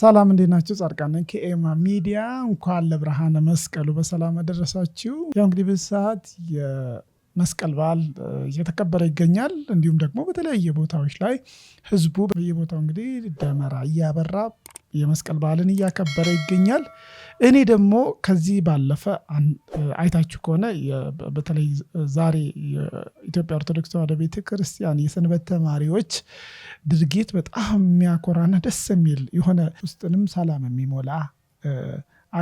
ሰላም እንዴት ናችሁ? ጻድቃነን ከኤማ ሚዲያ። እንኳን ለብርሃነ መስቀሉ በሰላም አደረሳችሁ። ያው እንግዲህ በዚህ ሰዓት የመስቀል በዓል እየተከበረ ይገኛል። እንዲሁም ደግሞ በተለያየ ቦታዎች ላይ ህዝቡ በየቦታው እንግዲህ ደመራ እያበራ የመስቀል በዓልን እያከበረ ይገኛል። እኔ ደግሞ ከዚህ ባለፈ አይታችሁ ከሆነ በተለይ ዛሬ የኢትዮጵያ ኦርቶዶክስ ተዋሕዶ ቤተክርስቲያን የሰንበት ተማሪዎች ድርጊት በጣም የሚያኮራና ደስ የሚል የሆነ ውስጥንም ሰላም የሚሞላ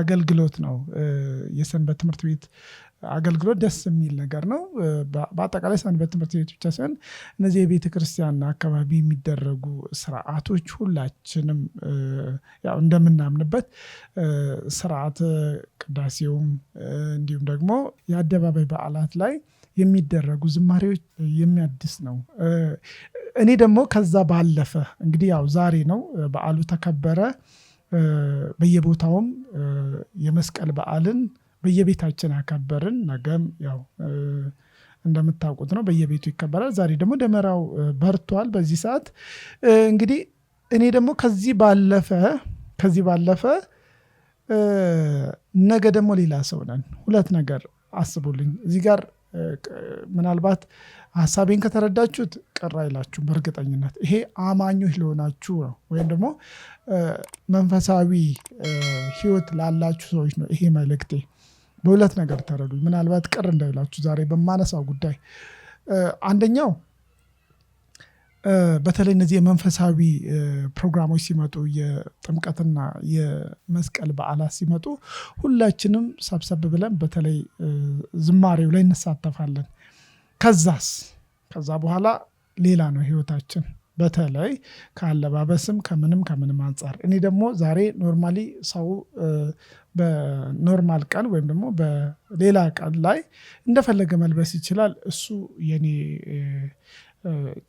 አገልግሎት ነው። የሰንበት ትምህርት ቤት አገልግሎት ደስ የሚል ነገር ነው። በአጠቃላይ ሰንበት ትምህርት ቤት ብቻ ሳይሆን እነዚህ የቤተ ክርስቲያን አካባቢ የሚደረጉ ስርዓቶች ሁላችንም ያው እንደምናምንበት ስርዓተ ቅዳሴውም እንዲሁም ደግሞ የአደባባይ በዓላት ላይ የሚደረጉ ዝማሬዎች የሚያድስ ነው። እኔ ደግሞ ከዛ ባለፈ እንግዲህ ያው ዛሬ ነው በዓሉ ተከበረ። በየቦታውም የመስቀል በዓልን በየቤታችን አከበርን። ነገም ያው እንደምታውቁት ነው በየቤቱ ይከበራል። ዛሬ ደግሞ ደመራው በርቷል። በዚህ ሰዓት እንግዲህ እኔ ደግሞ ከዚህ ባለፈ ከዚህ ባለፈ ነገ ደግሞ ሌላ ሰው ነን። ሁለት ነገር አስቡልኝ እዚህ ጋር ምናልባት ሀሳቤን ከተረዳችሁት ቅር አይላችሁም። በእርግጠኝነት ይሄ አማኞች ለሆናችሁ ነው፣ ወይም ደግሞ መንፈሳዊ ህይወት ላላችሁ ሰዎች ነው ይሄ መልእክቴ። በሁለት ነገር ተረዱ ምናልባት ቅር እንዳይላችሁ ዛሬ በማነሳው ጉዳይ አንደኛው በተለይ እነዚህ የመንፈሳዊ ፕሮግራሞች ሲመጡ የጥምቀትና የመስቀል በዓላት ሲመጡ ሁላችንም ሰብሰብ ብለን በተለይ ዝማሬው ላይ እንሳተፋለን። ከዛስ ከዛ በኋላ ሌላ ነው ህይወታችን በተለይ ከአለባበስም ከምንም ከምንም አንጻር እኔ ደግሞ ዛሬ ኖርማሊ ሰው በኖርማል ቀን ወይም ደግሞ በሌላ ቀን ላይ እንደፈለገ መልበስ ይችላል። እሱ የኔ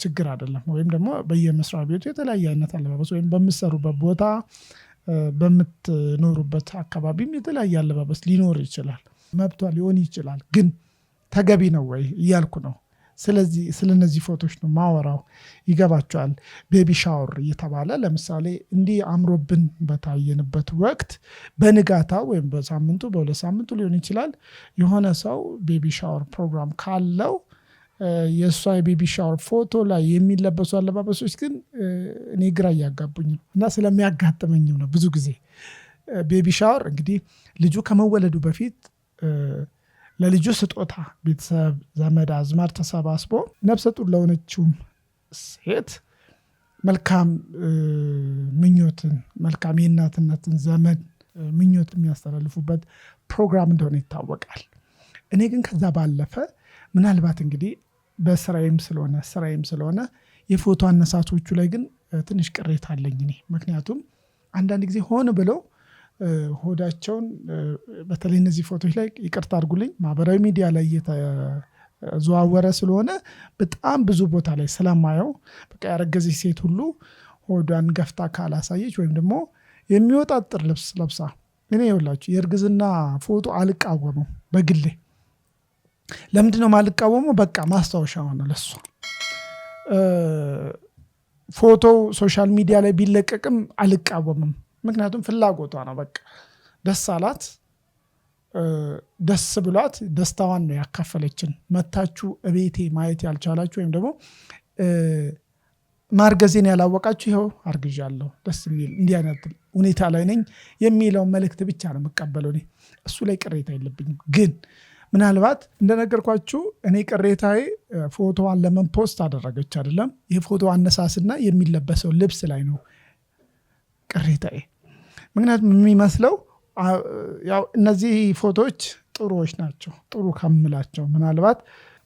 ችግር አይደለም። ወይም ደግሞ በየመስሪያ ቤቱ የተለያየ አይነት አለባበስ ወይም በምትሰሩበት ቦታ በምትኖሩበት አካባቢም የተለያየ አለባበስ ሊኖር ይችላል። መብቷ ሊሆን ይችላል። ግን ተገቢ ነው ወይ እያልኩ ነው። ስለዚህ ስለነዚህ ፎቶች ነው ማወራው። ይገባቸዋል። ቤቢ ሻወር እየተባለ ለምሳሌ እንዲህ አምሮብን በታየንበት ወቅት በንጋታ ወይም በሳምንቱ በሁለት ሳምንቱ ሊሆን ይችላል የሆነ ሰው ቤቢ ሻወር ፕሮግራም ካለው የእሷ የቤቢ ሻወር ፎቶ ላይ የሚለበሱ አለባበሶች ግን እኔ ግራ እያጋቡኝ ነው እና ስለሚያጋጥመኝም ነው ብዙ ጊዜ ቤቢ ሻወር እንግዲህ ልጁ ከመወለዱ በፊት ለልጁ ስጦታ ቤተሰብ፣ ዘመድ አዝማድ ተሰባስቦ ነብሰ ጡር ለሆነችውም ሴት መልካም ምኞትን መልካም የእናትነትን ዘመን ምኞት የሚያስተላልፉበት ፕሮግራም እንደሆነ ይታወቃል። እኔ ግን ከዛ ባለፈ ምናልባት እንግዲህ በስራዬም ስለሆነ ስራዬም ስለሆነ የፎቶ አነሳቶቹ ላይ ግን ትንሽ ቅሬታ አለኝ እኔ። ምክንያቱም አንዳንድ ጊዜ ሆን ብለው ሆዳቸውን በተለይ እነዚህ ፎቶች ላይ ይቅርታ አድርጉልኝ፣ ማህበራዊ ሚዲያ ላይ እየተዘዋወረ ስለሆነ በጣም ብዙ ቦታ ላይ ስለማየው በቃ ያረገዘች ሴት ሁሉ ሆዷን ገፍታ ካላሳየች ወይም ደግሞ የሚወጣጥር ልብስ ለብሳ እኔ የውላችሁ የእርግዝና ፎቶ አልቃወመው በግሌ ለምንድን ነው ማልቃወመው? በቃ ማስታወሻ ሆነ ለሷ። ፎቶው ሶሻል ሚዲያ ላይ ቢለቀቅም አልቃወምም፣ ምክንያቱም ፍላጎቷ ነው። በቃ ደስ አላት፣ ደስ ብሏት ደስታዋን ነው ያካፈለችን። መታችሁ እቤቴ ማየት ያልቻላችሁ ወይም ደግሞ ማርገዜን ያላወቃችሁ ይኸው አርግዣለሁ፣ ደስ የሚል እንዲህ አይነት ሁኔታ ላይ ነኝ የሚለውን መልእክት ብቻ ነው የምቀበለው። እኔ እሱ ላይ ቅሬታ የለብኝም ግን ምናልባት እንደነገርኳችሁ እኔ ቅሬታዬ ፎቶዋን ለምን ፖስት አደረገች አይደለም። የፎቶ አነሳስና የሚለበሰው ልብስ ላይ ነው ቅሬታዬ። ምክንያቱም የሚመስለው ያው እነዚህ ፎቶዎች ጥሩዎች ናቸው። ጥሩ ከምላቸው ምናልባት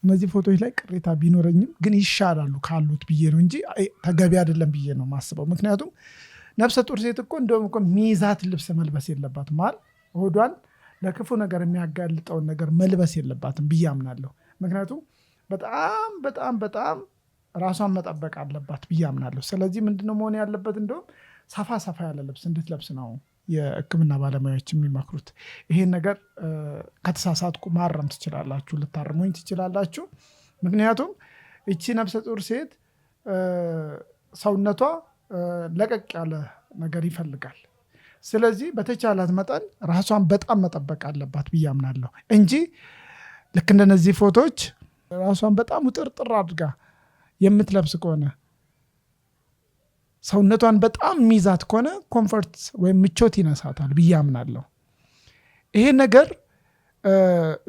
እነዚህ ፎቶዎች ላይ ቅሬታ ቢኖረኝም ግን ይሻላሉ ካሉት ብዬ ነው እንጂ ተገቢ አይደለም ብዬ ነው ማስበው። ምክንያቱም ነፍሰ ጡር ሴት እኮ እንደውም እኮ ሚይዛት ልብስ መልበስ የለባት ማል ሆዷን ለክፉ ነገር የሚያጋልጠውን ነገር መልበስ የለባትም ብዬ አምናለሁ። ምክንያቱም በጣም በጣም በጣም ራሷን መጠበቅ አለባት ብዬ አምናለሁ። ስለዚህ ምንድነው መሆን ያለበት? እንደውም ሰፋ ሰፋ ያለ ልብስ እንድትለብስ ነው የህክምና ባለሙያዎች የሚመክሩት። ይሄን ነገር ከተሳሳትኩ ማረም ትችላላችሁ፣ ልታርሙኝ ትችላላችሁ። ምክንያቱም እቺ ነፍሰ ጡር ሴት ሰውነቷ ለቀቅ ያለ ነገር ይፈልጋል። ስለዚህ በተቻላት መጠን ራሷን በጣም መጠበቅ አለባት ብዬ እንጂ ልክ እንደነዚህ ፎቶዎች ራሷን በጣም ውጥርጥር አድርጋ የምትለብስ ከሆነ ሰውነቷን በጣም ሚዛት ከሆነ ኮንፈርት ወይም ምቾት ይነሳታል ብያምናለሁ አምናለሁ። ይሄ ነገር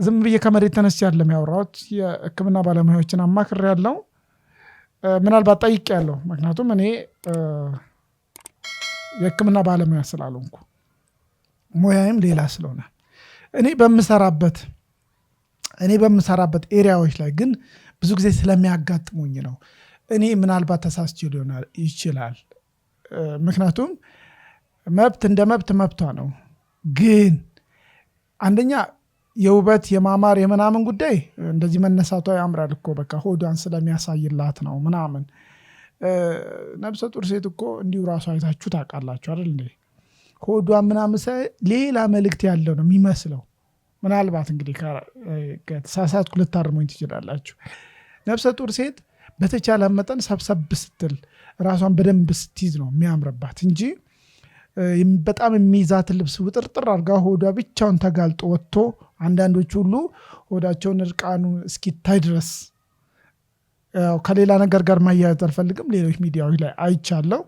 ዝም ብዬ ከመሬት ተነስ ያለም ያወራት የህክምና ባለሙያዎችን አማክር ያለው ምናልባት ያለው ምክንያቱም እኔ የህክምና ባለሙያ ስላልሆንኩ ሙያዬም ሌላ ስለሆነ እኔ በምሰራበት እኔ በምሰራበት ኤሪያዎች ላይ ግን ብዙ ጊዜ ስለሚያጋጥሙኝ ነው። እኔ ምናልባት ተሳስቼ ሊሆን ይችላል። ምክንያቱም መብት እንደ መብት መብቷ ነው። ግን አንደኛ የውበት የማማር የምናምን ጉዳይ እንደዚህ መነሳቷ ያምራል እኮ በቃ ሆዷን ስለሚያሳይላት ነው ምናምን ነብሰ ጡር ሴት እኮ እንዲሁ ራሱ አይታችሁ ታውቃላችሁ አይደል እንዴ? ሆዷ ምናምን ሌላ መልእክት ያለው ነው የሚመስለው። ምናልባት እንግዲህ ከተሳሳትኩ ልታርሙኝ ትችላላችሁ። ነብሰ ጡር ሴት በተቻለ መጠን ሰብሰብ ስትል ራሷን በደንብ ስትይዝ ነው የሚያምርባት እንጂ በጣም የሚይዛት ልብስ ውጥርጥር አድርጋ ሆዷ ብቻውን ተጋልጦ ወጥቶ አንዳንዶች ሁሉ ሆዳቸውን እርቃኑ እስኪታይ ድረስ ከሌላ ነገር ጋር ማያያዝ አልፈልግም። ሌሎች ሚዲያዎች ላይ አይቻለው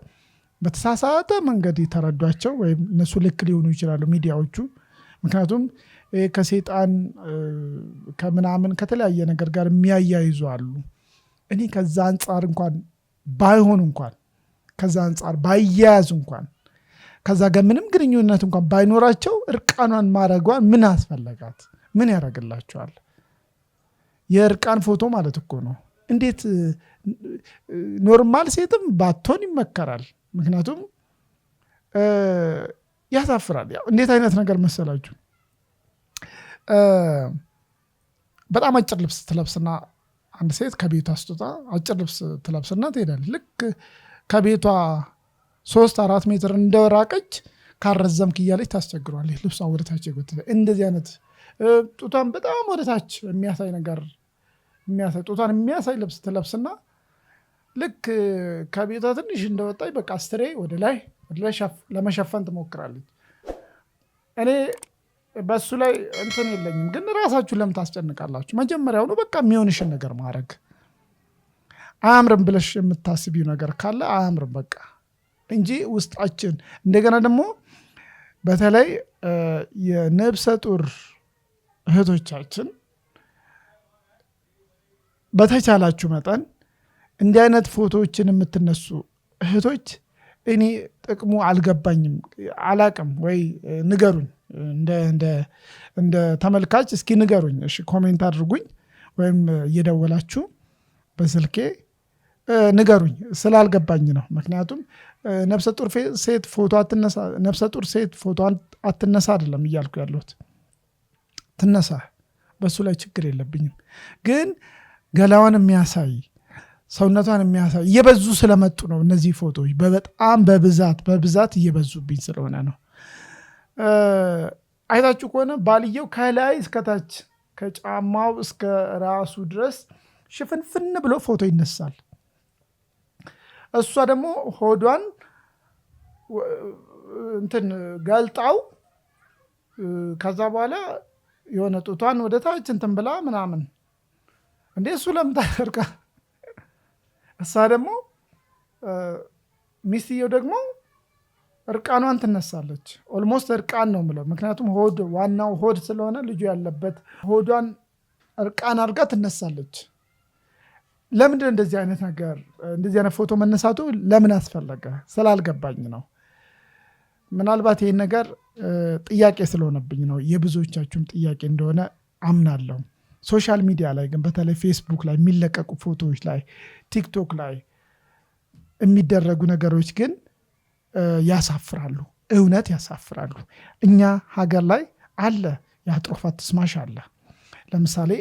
በተሳሳተ መንገድ የተረዷቸው ወይም እነሱ ልክ ሊሆኑ ይችላሉ ሚዲያዎቹ። ምክንያቱም ከሴጣን ከምናምን ከተለያየ ነገር ጋር የሚያያይዙ አሉ። እኔ ከዛ አንጻር እንኳን ባይሆን እንኳን ከዛ አንጻር ባያያዝ እንኳን ከዛ ጋር ምንም ግንኙነት እንኳን ባይኖራቸው እርቃኗን ማድረጓን ምን አስፈለጋት? ምን ያደርግላቸዋል? የእርቃን ፎቶ ማለት እኮ ነው። እንዴት ኖርማል ሴትም ባቶን ይመከራል። ምክንያቱም ያሳፍራል። እንዴት አይነት ነገር መሰላችሁ? በጣም አጭር ልብስ ትለብስና አንድ ሴት ከቤቷ ስትወጣ አጭር ልብስ ትለብስና ትሄዳለች። ልክ ከቤቷ ሶስት አራት ሜትር እንደራቀች ካረዘምክ እያለች ታስቸግሯል። ልብሷ ወደታች ጎትታ እንደዚህ አይነት ጡቷን በጣም ወደታች የሚያሳይ ነገር የሚያሳይ ጡቷን የሚያሳይ ልብስ ትለብስና ልክ ከቤቷ ትንሽ እንደወጣች በቃ አስትሬ ወደ ላይ ለመሸፈን ትሞክራለች። እኔ በሱ ላይ እንትን የለኝም፣ ግን ራሳችሁን ለምን ታስጨንቃላችሁ? መጀመሪያውኑ በቃ የሚሆንሽን ነገር ማድረግ አያምርም ብለሽ የምታስቢው ነገር ካለ አያምርም በቃ እንጂ ውስጣችን እንደገና ደግሞ በተለይ የነብሰ ጡር እህቶቻችን በተቻላችሁ መጠን እንዲህ አይነት ፎቶዎችን የምትነሱ እህቶች እኔ ጥቅሙ አልገባኝም፣ አላቅም ወይ ንገሩኝ። እንደ ተመልካች እስኪ ንገሩኝ። እሺ ኮሜንት አድርጉኝ፣ ወይም እየደወላችሁ በስልኬ ንገሩኝ። ስላልገባኝ ነው። ምክንያቱም ነፍሰ ጡር ሴት ፎቶ አትነሳ፣ ነፍሰ ጡር ሴት ፎቶ አትነሳ አይደለም እያልኩ ያለሁት። ትነሳ፣ በሱ ላይ ችግር የለብኝም ግን ገላዋን የሚያሳይ ሰውነቷን የሚያሳይ እየበዙ ስለመጡ ነው። እነዚህ ፎቶዎች በጣም በብዛት በብዛት እየበዙብኝ ስለሆነ ነው። አይታችሁ ከሆነ ባልየው ከላይ እስከታች ከጫማው እስከ ራሱ ድረስ ሽፍንፍን ብሎ ፎቶ ይነሳል። እሷ ደግሞ ሆዷን እንትን ገልጣው ከዛ በኋላ የሆነ ጡቷን ወደ ታች እንትን ብላ ምናምን እንዴ እሱ ለምን ታደርጋ? እሳ ደግሞ ሚስትየው ደግሞ እርቃኗን ትነሳለች። ኦልሞስት እርቃን ነው ምለው፣ ምክንያቱም ሆድ ዋናው ሆድ ስለሆነ ልጁ ያለበት ሆዷን እርቃን አድርጋ ትነሳለች። ለምንድን እንደዚህ አይነት ነገር እንደዚህ አይነት ፎቶ መነሳቱ ለምን አስፈለገ ስላልገባኝ ነው። ምናልባት ይህን ነገር ጥያቄ ስለሆነብኝ ነው፣ የብዙዎቻችሁም ጥያቄ እንደሆነ አምናለሁ። ሶሻል ሚዲያ ላይ ግን በተለይ ፌስቡክ ላይ የሚለቀቁ ፎቶዎች ላይ ቲክቶክ ላይ የሚደረጉ ነገሮች ግን ያሳፍራሉ፣ እውነት ያሳፍራሉ። እኛ ሀገር ላይ አለ የአጥሮፋት ትስማሽ አለ። ለምሳሌ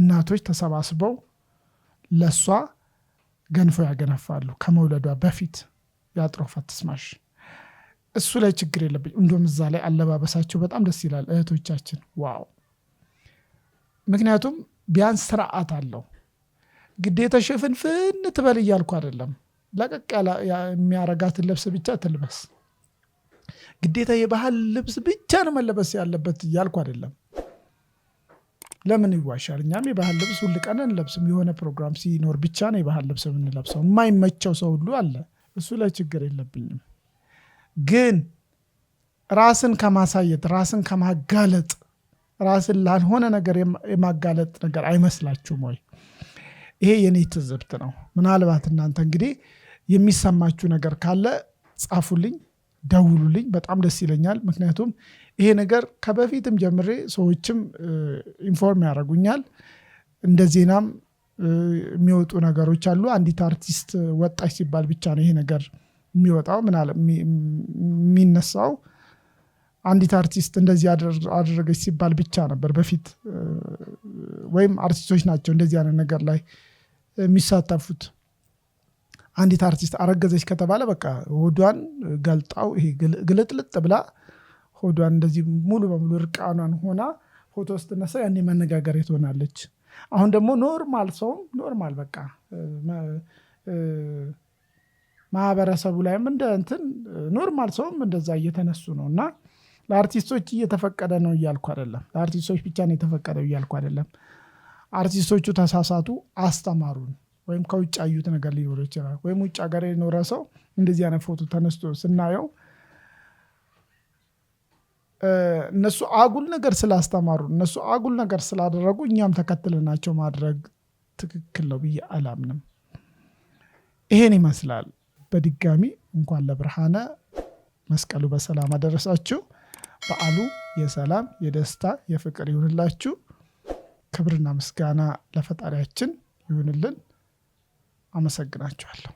እናቶች ተሰባስበው ለእሷ ገንፎ ያገነፋሉ ከመውለዷ በፊት የአጥሮፋት ትስማሽ። እሱ ላይ ችግር የለብኝ። እንዲሁም እዛ ላይ አለባበሳቸው በጣም ደስ ይላል። እህቶቻችን ዋው ምክንያቱም ቢያንስ ስርዓት አለው። ግዴታ ሽፍንፍን ትበል እያልኩ አይደለም። ለቀቅ የሚያረጋትን ልብስ ብቻ ትልበስ፣ ግዴታ የባህል ልብስ ብቻ ነው መለበስ ያለበት እያልኩ አይደለም። ለምን ይዋሻል? እኛም የባህል ልብስ ሁል ቀን እንለብስም። የሆነ ፕሮግራም ሲኖር ብቻ ነው የባህል ልብስ የምንለብሰው። የማይመቸው ሰው ሁሉ አለ። እሱ ላይ ችግር የለብኝም። ግን ራስን ከማሳየት ራስን ከማጋለጥ ራስን ላልሆነ ነገር የማጋለጥ ነገር አይመስላችሁም ወይ? ይሄ የኔ ትዝብት ነው። ምናልባት እናንተ እንግዲህ የሚሰማችሁ ነገር ካለ ጻፉልኝ፣ ደውሉልኝ፣ በጣም ደስ ይለኛል። ምክንያቱም ይሄ ነገር ከበፊትም ጀምሬ ሰዎችም ኢንፎርም ያደርጉኛል። እንደ ዜናም የሚወጡ ነገሮች አሉ። አንዲት አርቲስት ወጣች ሲባል ብቻ ነው ይሄ ነገር የሚወጣው ምናለ የሚነሳው አንዲት አርቲስት እንደዚህ አደረገች ሲባል ብቻ ነበር በፊት ወይም አርቲስቶች ናቸው እንደዚህ አይነት ነገር ላይ የሚሳተፉት። አንዲት አርቲስት አረገዘች ከተባለ በቃ ሆዷን ገልጣው ይሄ ግልጥልጥ ብላ ሆዷን እንደዚህ ሙሉ በሙሉ እርቃኗን ሆና ፎቶ ስትነሳ ያኔ መነጋገሪያ ትሆናለች። አሁን ደግሞ ኖርማል ሰውም ኖርማል በቃ ማህበረሰቡ ላይም እንደ እንትን ኖርማል ሰውም እንደዛ እየተነሱ ነው እና ለአርቲስቶች እየተፈቀደ ነው እያልኩ አይደለም። ለአርቲስቶች ብቻ ነው የተፈቀደው እያልኩ አይደለም። አርቲስቶቹ ተሳሳቱ፣ አስተማሩን ወይም ከውጭ አዩት ነገር ሊኖር ይችላል። ወይም ውጭ ሀገር የኖረ ሰው እንደዚህ አይነት ፎቶ ተነስቶ ስናየው እነሱ አጉል ነገር ስላስተማሩ እነሱ አጉል ነገር ስላደረጉ እኛም ተከትለናቸው ማድረግ ትክክል ነው ብዬ አላምንም። ይሄን ይመስላል። በድጋሚ እንኳን ለብርሃነ መስቀሉ በሰላም አደረሳችሁ። በዓሉ የሰላም የደስታ የፍቅር ይሁንላችሁ። ክብርና ምስጋና ለፈጣሪያችን ይሁንልን። አመሰግናችኋለሁ።